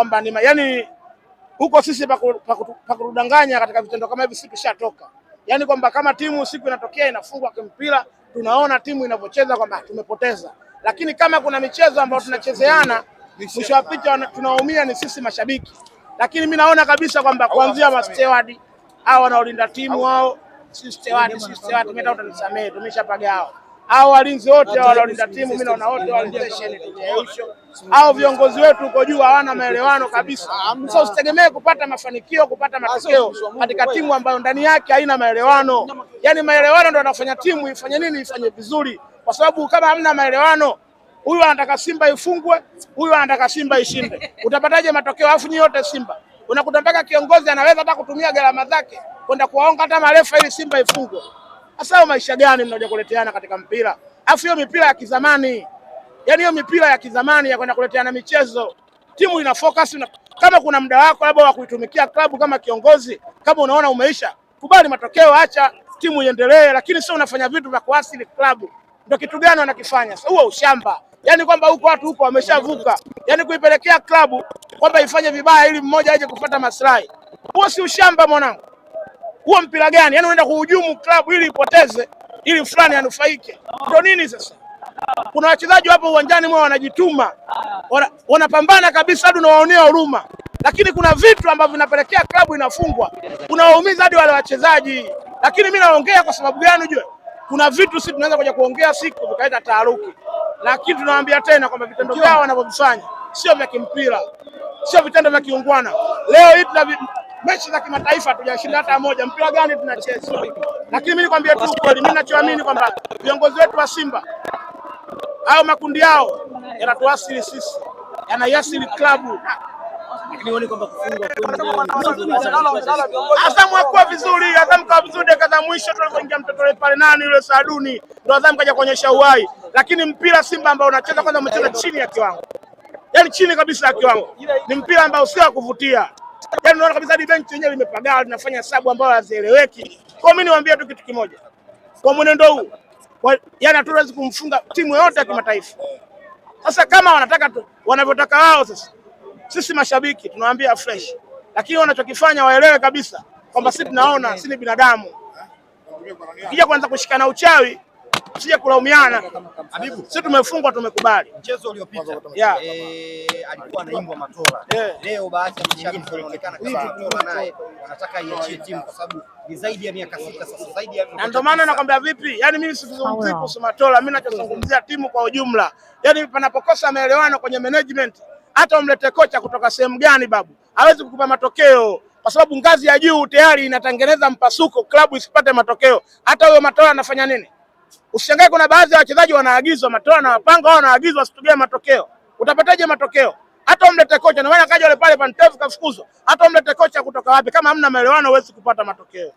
kwamba ni yani, huko sisi pakurudanganya katika vitendo kama hivi, sisi tushatoka. Yani kwamba kama timu siku inatokea inafungwa kimpira, tunaona timu inavyocheza kwamba tumepoteza, lakini kama kuna michezo ambayo tunachezeana, mwisho wa picha tunaumia ni sisi mashabiki. Lakini mimi naona kabisa kwamba kuanzia ma steward hao wanaolinda timu hao, si steward, si steward, mimi utanisamehe, tumeshapagawa hao walinzi wote wanaolinda timu, mimi naona wote ni walinda au viongozi wetu huko juu hawana maelewano kabisa. Ah, so usitegemee kupata mafanikio, kupata ah, matokeo katika timu ambayo ndani yake haina maelewano. Yaani maelewano ndio yanafanya timu ifanye nini, ifanye vizuri, kwa sababu kama hamna maelewano huyu anataka Simba ifungwe, huyu anataka Simba ishinde, utapataje matokeo? Afu nyi yote Simba unakuta mpaka kiongozi anaweza hata kutumia gharama zake kwenda kuwaonga hata marefa ili Simba ifungwe. Hasa maisha gani mnaoja kuleteana katika mpira? Afu hiyo mipira ya kizamani Yaani hiyo mipira ya kizamani ya kwenda kuletea na michezo, timu ina focus na, kama kuna muda wako labda wa kuitumikia klabu kama kiongozi, kama unaona umeisha, kubali matokeo, acha timu iendelee, lakini sio unafanya vitu vya kuasili klabu. Ndio kitu gani wanakifanya sasa? Huo ushamba, yaani kwamba huko watu huko wameshavuka, yaani kuipelekea klabu kwamba ifanye vibaya ili mmoja aje kupata maslahi. Huo si ushamba mwanangu, huo mpira gani? Yaani unaenda kuhujumu klabu ili ipoteze, ili fulani anufaike. Ndio nini sasa? Kuna wachezaji wapo uwanjani mwa wanajituma, wanapambana kabisa, hadi unawaonea huruma, lakini kuna vitu ambavyo vinapelekea klabu inafungwa, unawaumiza hadi wale wachezaji. Lakini mimi naongea kwa sababu gani? Unajua, kuna vitu sisi tunaweza kuja kuongea siku tukaleta taharuki, lakini tunawaambia tena kwamba vitendo vyao wanavyovifanya sio vya kimpira, sio vitendo vya kiungwana. Leo hii tuna mechi za kimataifa tujashinda hata moja, mpira gani tunacheza? Lakini mimi nikwambia tu kweli, mimi ninachoamini kwamba viongozi wetu wa Simba hayo makundi yao yanatuasili sisi, yanaiasili klabu. Azamu hakuwa vizuri, Azamu kawa vizuri dakika za mwisho tulipoingia mtoto wetu pale nani yule Saduni, ndo Azamu kaja kuonyesha uhai, lakini mpira Simba ambao unacheza kwanza umecheza chini ya kiwango, yaani chini kabisa ya kiwango. Ni mpira ambao sio wa kuvutia, yaani unaona kabisa hadi benchi yenyewe limepagaa, linafanya hesabu ambayo hazieleweki. Kwa mimi niwaambie tu kitu kimoja, kwa mwenendo huu yani hatuwezi kumfunga timu yoyote ya kimataifa. Sasa kama wanataka wanavyotaka wao, sasa sisi mashabiki tunawaambia fresh, lakini wanachokifanya waelewe kabisa kwamba sisi tunaona, si ni binadamu. Ukija kuanza kushikana uchawi Sija kulaumiana. Habibu, sisi tumefungwa tumekubali. Mchezo uliopita. Eh, yeah. Eh, alikuwa anaimbwa Matola. Yeah. Leo baadhi ya mashabiki wanaonekana kama Matola naye anataka iachie timu kwa sababu ni zaidi ya miaka sita sasa zaidi ya Na ndio maana nakwambia vipi? Yaani mimi sizungumzii ah, kuhusu Matola, mimi nachozungumzia timu kwa ujumla. Yaani panapokosa maelewano kwenye management, hata umlete kocha kutoka sehemu gani babu, hawezi kukupa matokeo kwa sababu ngazi ya juu tayari inatengeneza mpasuko, klabu isipate matokeo. Hata huyo Matola anafanya nini? Usishangae kuna baadhi ya wachezaji wanaagizwa matoa na wapanga wao wanaagizwa wasitubia matokeo. Utapataje matokeo? Hata umlete kocha na maana kaja yule pale Pantev kafukuzwa. Hata umlete kocha kutoka wapi kama hamna maelewano huwezi kupata matokeo.